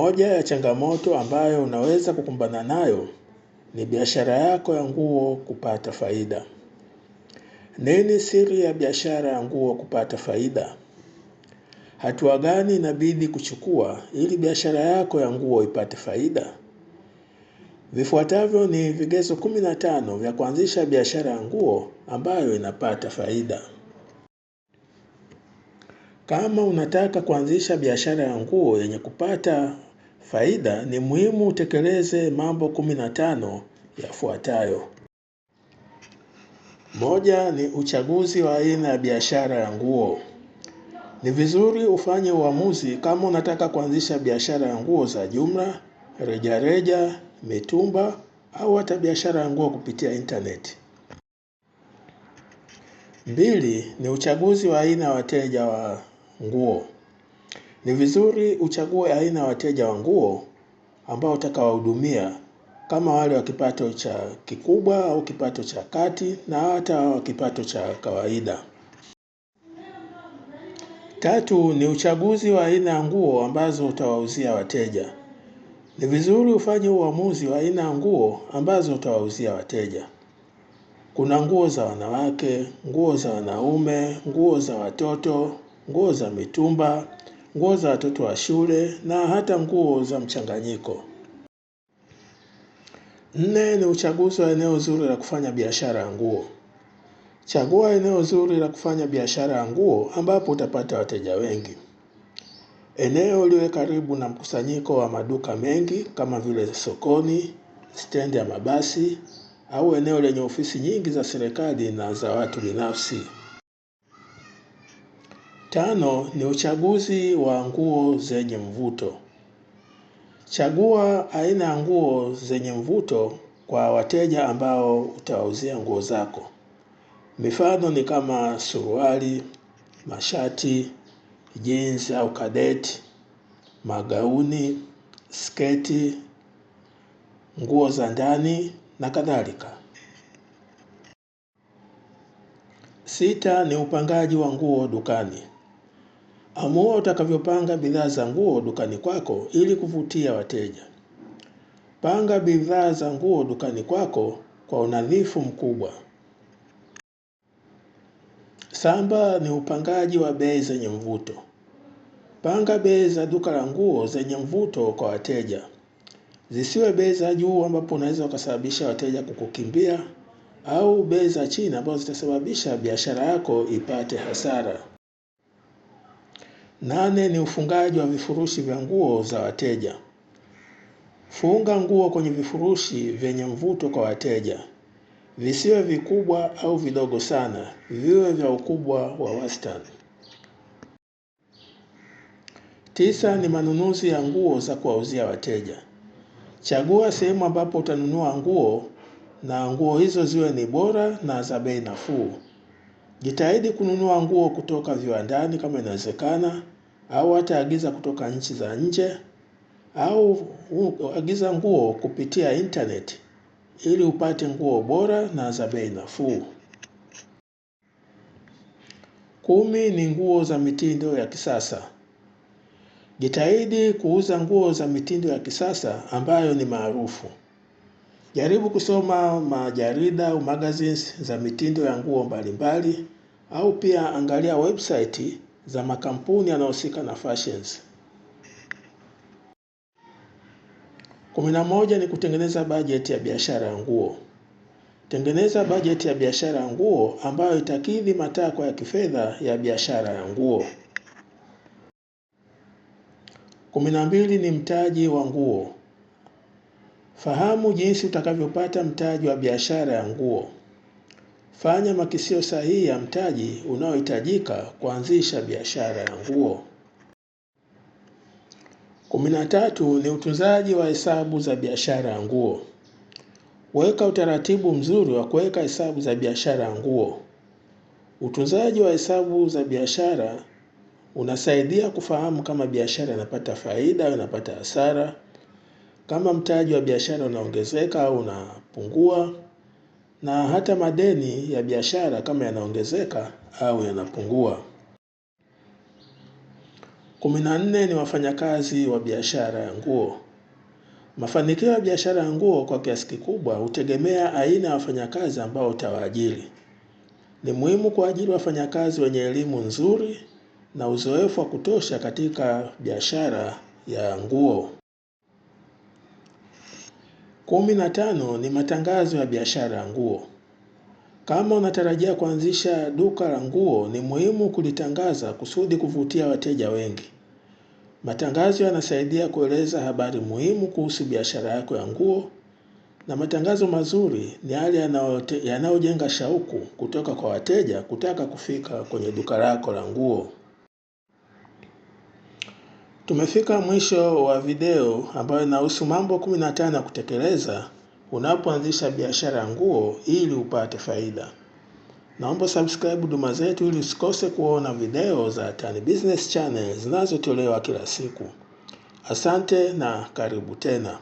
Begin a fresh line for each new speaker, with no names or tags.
Moja ya changamoto ambayo unaweza kukumbana nayo ni biashara yako ya nguo kupata faida. Nini siri ya biashara ya nguo kupata faida? Hatua gani inabidi kuchukua ili biashara yako ya nguo ipate faida? Vifuatavyo ni vigezo 15 vya kuanzisha biashara ya nguo ambayo inapata faida. Kama unataka kuanzisha biashara ya nguo yenye kupata faida ni muhimu utekeleze mambo 15 yafuatayo. Moja ni uchaguzi wa aina ya biashara ya nguo. Ni vizuri ufanye uamuzi kama unataka kuanzisha biashara ya nguo za jumla, rejareja, mitumba au hata biashara ya nguo kupitia intaneti. Mbili ni uchaguzi wa aina ya wateja wa nguo. Ni vizuri uchague aina ya wateja wa nguo ambao utakawahudumia kama wale wa kipato cha kikubwa au kipato cha kati na hata wa kipato cha kawaida. Tatu ni uchaguzi wa aina ya nguo ambazo utawauzia wateja. Ni vizuri ufanye uamuzi wa aina ya nguo ambazo utawauzia wateja. Kuna nguo za wanawake, nguo za wanaume, nguo za watoto, nguo za mitumba, nguo za watoto wa shule na hata nguo za mchanganyiko. Nne ni uchaguzi wa eneo zuri la kufanya biashara ya nguo. Chagua eneo zuri la kufanya biashara ya nguo ambapo utapata wateja wengi. Eneo liwe karibu na mkusanyiko wa maduka mengi kama vile sokoni, stendi ya mabasi au eneo lenye ofisi nyingi za serikali na za watu binafsi. Tano ni uchaguzi wa nguo zenye mvuto. Chagua aina ya nguo zenye mvuto kwa wateja ambao utawauzia nguo zako. Mifano ni kama suruali, mashati, jeans au kadeti, magauni, sketi, nguo za ndani na kadhalika. Sita ni upangaji wa nguo dukani. Amua utakavyopanga bidhaa za nguo dukani kwako ili kuvutia wateja. Panga bidhaa za nguo dukani kwako kwa unadhifu mkubwa. Samba ni upangaji wa bei zenye mvuto. Panga bei za duka la nguo zenye mvuto kwa wateja. Zisiwe bei za juu ambapo unaweza ukasababisha wateja kukukimbia au bei za chini ambazo zitasababisha biashara yako ipate hasara. Nane ni ufungaji wa vifurushi vya nguo za wateja. Funga nguo kwenye vifurushi vyenye mvuto kwa wateja, visiwe vikubwa au vidogo sana, viwe vya ukubwa wa wastani. Tisa ni manunuzi ya nguo za kuwauzia wateja. Chagua sehemu ambapo utanunua nguo na nguo hizo ziwe ni bora na za bei nafuu Jitahidi kununua nguo kutoka viwandani kama inawezekana, au hata agiza kutoka nchi za nje, au agiza nguo kupitia internet ili upate nguo bora na za bei nafuu. Kumi ni nguo za mitindo ya kisasa. Jitahidi kuuza nguo za mitindo ya kisasa ambayo ni maarufu. Jaribu kusoma majarida au magazines za mitindo ya nguo mbalimbali au pia angalia website za makampuni yanayohusika na fashions. Kumi na moja ni kutengeneza bajeti ya biashara ya nguo. Tengeneza bajeti ya biashara ya nguo ambayo itakidhi matakwa ya kifedha ya biashara ya nguo. Kumi na mbili ni mtaji wa nguo. Fahamu jinsi utakavyopata mtaji wa biashara ya nguo. Fanya makisio sahihi ya mtaji unaohitajika kuanzisha biashara ya nguo. tatu ni utunzaji wa hesabu za biashara ya nguo. Weka utaratibu mzuri wa kuweka hesabu za biashara ya nguo. Utunzaji wa hesabu za biashara unasaidia kufahamu kama biashara inapata faida au inapata hasara kama mtaji wa biashara unaongezeka au unapungua, na hata madeni ya biashara kama yanaongezeka au yanapungua. kumi na nne ni wafanyakazi wa biashara ya nguo. Mafanikio ya biashara ya nguo kwa kiasi kikubwa hutegemea aina ya wafanyakazi ambao utawaajiri. Ni muhimu kuajiri wafanyakazi wenye elimu nzuri na uzoefu wa kutosha katika biashara ya nguo. Kumi na tano ni matangazo ya biashara ya nguo. Kama unatarajia kuanzisha duka la nguo, ni muhimu kulitangaza kusudi kuvutia wateja wengi. Matangazo yanasaidia kueleza habari muhimu kuhusu biashara yako ya nguo, na matangazo mazuri ni yale yanayojenga shauku kutoka kwa wateja kutaka kufika kwenye duka lako la nguo. Tumefika mwisho wa video ambayo inahusu mambo 15 ya kutekeleza unapoanzisha biashara ya nguo ili upate faida. Naomba subscribe huduma zetu ili usikose kuona video za Tan Business Channel zinazotolewa kila siku. Asante na karibu tena.